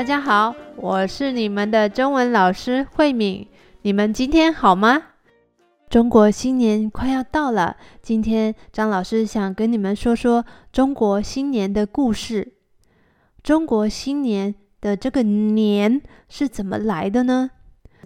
大家好，我是你們的中文老師慧敏。你們今天好嗎？中國新年快要到了，今天張老師想跟你們說說中國新年的故事。中國新年的這個“年”是怎麼來的呢？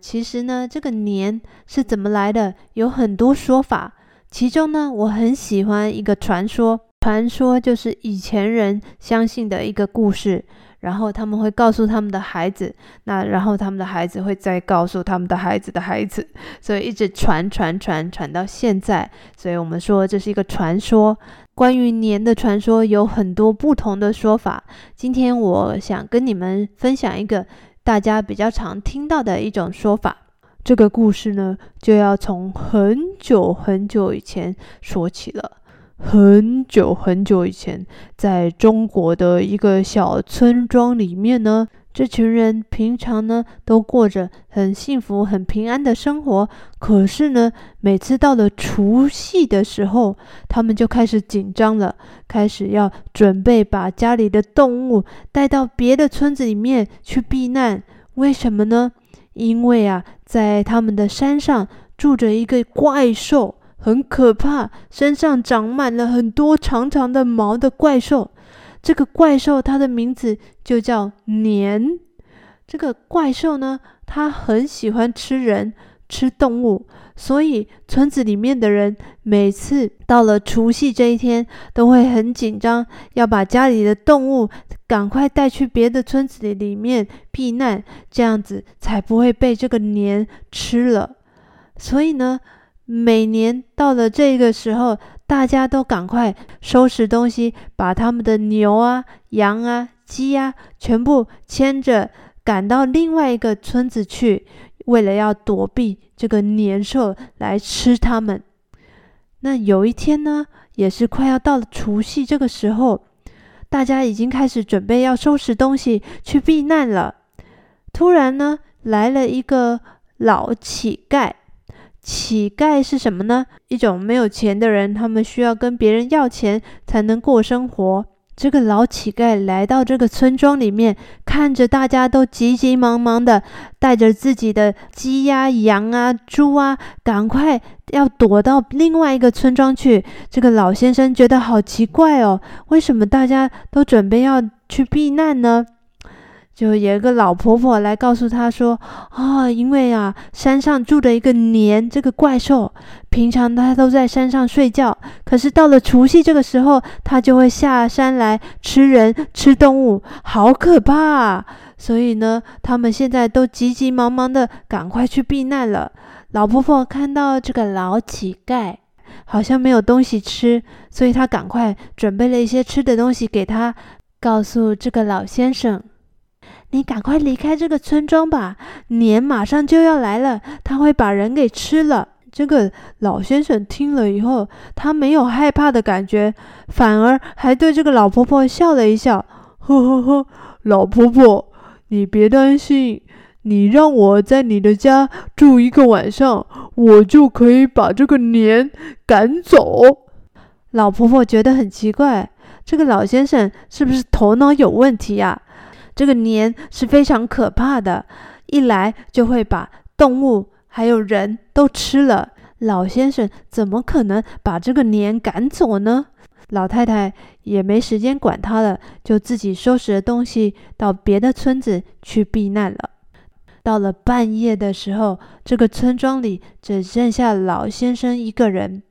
其實呢，這個“年”是怎麼來的，有很多說法。其中呢，我很喜歡一個傳說。傳說就是以前人相信的一個故事，然後他們會告訴他們的孩子，那然後他們的孩子會再告訴他們的孩子的孩子，所以一直傳傳傳傳傳到現在。所以我們說這是一個傳說。關於年的傳說有很多不同的說法，今天我想跟你們分享一個大家比較常聽到的一種說法。這個故事呢，就要從很久很久以前說起了。很久很久以前，在中國的一個小村莊裡面呢，這群人平常呢都過着很幸福、很平安的生活。可是呢，每次到了除夕的時候，他們就開始緊張了，開始要準備把家裡的動物帶到別的村子裡面去避難。為什麼呢？因為啊，在他們的山上住着一個怪獸。很可怕，身上長滿了很多長長的毛的怪獸。這個怪獸它的名字就叫年。這個怪獸呢，它很喜歡吃人、吃動物，所以村子裡面的人每次到了除夕這一天都會很緊張，要把家裡的動物趕快帶去別的村子裡面避難，這樣子才不會被這個年吃了。所以呢。每年到了這個時候，大家都趕快收拾東西，把他們的牛啊、羊啊、雞啊全部牽着趕到另外一個村子去，為了要躲避這個年獸來吃他們。那有一天呢，也是快要到了除夕這個時候，大家已經開始準備要收拾東西去避難了。突然呢，來了一個老乞丐。乞丐是什麼呢？一種沒有錢的人，他們需要跟別人要錢才能過生活。這個老乞丐來到這個村莊裡面，看着大家都急急忙忙的帶着自己的雞呀、鴨啊、羊啊、豬啊，趕快要躲到另外一個村莊去。這個老先生覺得好奇怪哦，為什麼大家都準備要去避難呢？就有一個老婆婆來告訴他說：“啊，哦，因為啊，山上住着一個年這個怪獸，平常他都在山上睡覺，可是到了除夕這個時候，他就會下山來吃人吃動物，好可怕啊！所以呢，他們現在都急急忙忙的趕快去避難了。老婆婆看到這個老乞丐好像沒有東西吃，所以他趕快準備了一些吃的東西給他，告訴這個老先生。”你趕快離開這個村莊吧，年馬上就要來了，他會把人給吃了。這個老先生聽了以後，他沒有害怕的感覺，反而還對這個老婆婆笑了一笑。呵呵呵，老婆婆，你別擔心，你讓我在你的家住一個晚上，我就可以把這個年趕走。老婆婆覺得很奇怪，這個老先生是不是頭腦有問題呀？這個年是非常可怕的，一來就會把動物還有人都吃了。老先生怎麼可能把這個年趕走呢？老太太也沒時間管他了，就自己收拾了東西到別的村子去避難了。到了半夜的時候，這個村莊裡只剩下老先生一個人，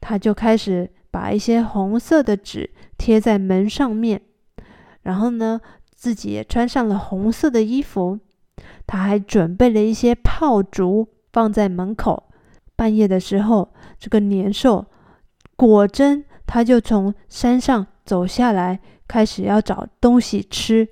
他就開始把一些紅色的紙貼在門上面，然後呢，自己也穿上了紅色的衣服，他還準備了一些炮竹放在門口。半夜的時候，這個年獸果真他就從山上走下來，開始要找東西吃。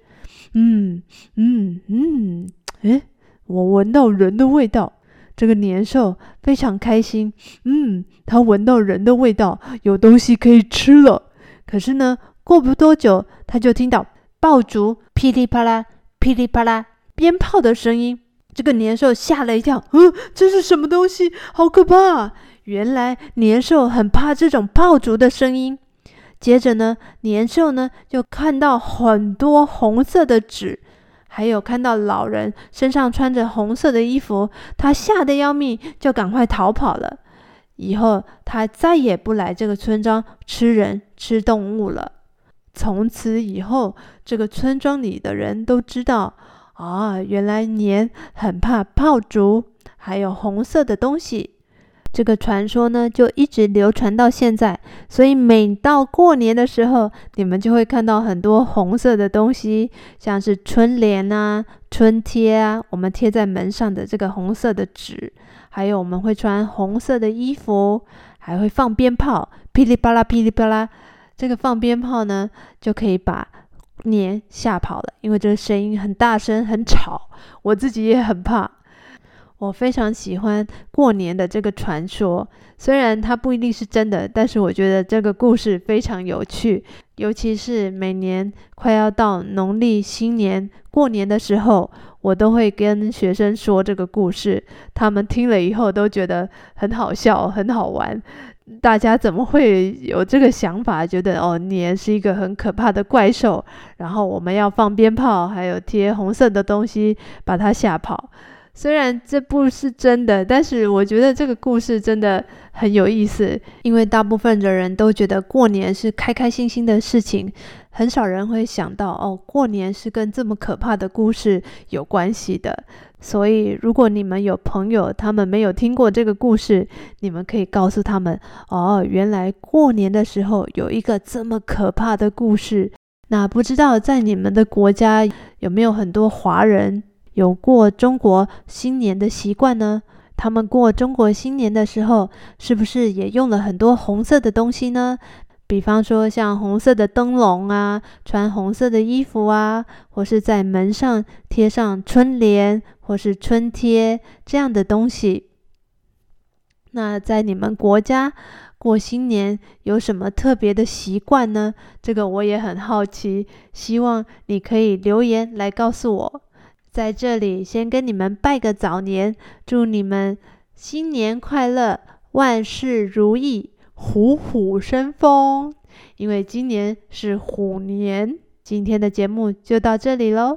嗯嗯嗯，誒，我聞到人的味道，這個年獸非常開心。嗯，他聞到人的味道，有東西可以吃了。可是呢，過不多久，他就聽到。爆竹噼里啪啦，噼里啪啦，鞭炮的聲音。這個年獸嚇了一跳，嗯，這是什麼東西？好可怕啊！原來年獸很怕這種爆竹的聲音。接着呢，年獸呢就看到很多紅色的紙，還有看到老人身上穿着紅色的衣服，他嚇得要命，就趕快逃跑了。以後他再也不來這個村莊吃人、吃動物了。從此以後，這個村莊裡的人都知道，啊，原來年很怕炮竹，還有紅色的東西。這個傳說呢，就一直流傳到現在。所以每到過年的時候，你們就會看到很多紅色的東西，像是春聯啊、春貼啊，我們貼在門上的這個紅色的紙，還有我們會穿紅色的衣服，還會放鞭炮，噼裡啪啦，噼裡啪啦。這個放鞭炮呢，就可以把年嚇跑了，因為這個聲音很大聲，很吵，我自己也很怕。我非常喜歡過年的這個傳說，雖然它不一定是真的，但是我覺得這個故事非常有趣。尤其是每年快要到農曆新年過年的時候，我都會跟學生說這個故事，他們聽了以後都覺得很好笑、很好玩。大家怎麼會有這個想法，覺得哦，年是一個很可怕的怪獸，然後我們要放鞭炮，還有貼紅色的東西，把它嚇跑。雖然這不是真的，但是我覺得這個故事真的很有意思。因為大部分的人都覺得過年是開開心心的事情，很少人會想到哦，過年是跟這麼可怕的故事有關係的。所以，如果你們有朋友，他們沒有聽過這個故事，你們可以告訴他們哦，原來過年的時候有一個這麼可怕的故事。那不知道在你們的國家有沒有很多華人？有過中國新年的習慣呢？他們過中國新年的時候，是不是也用了很多紅色的東西呢？比方說像紅色的燈籠啊，穿紅色的衣服啊，或是在門上貼上春聯或是春貼這樣的東西。那在你們國家過新年有什麼特別的習慣呢？這個我也很好奇，希望你可以留言來告訴我。在這裡先跟你們拜個早年，祝你們新年快樂，萬事如意，虎虎生風。因為今年是虎年，今天的節目就到這裡嘍。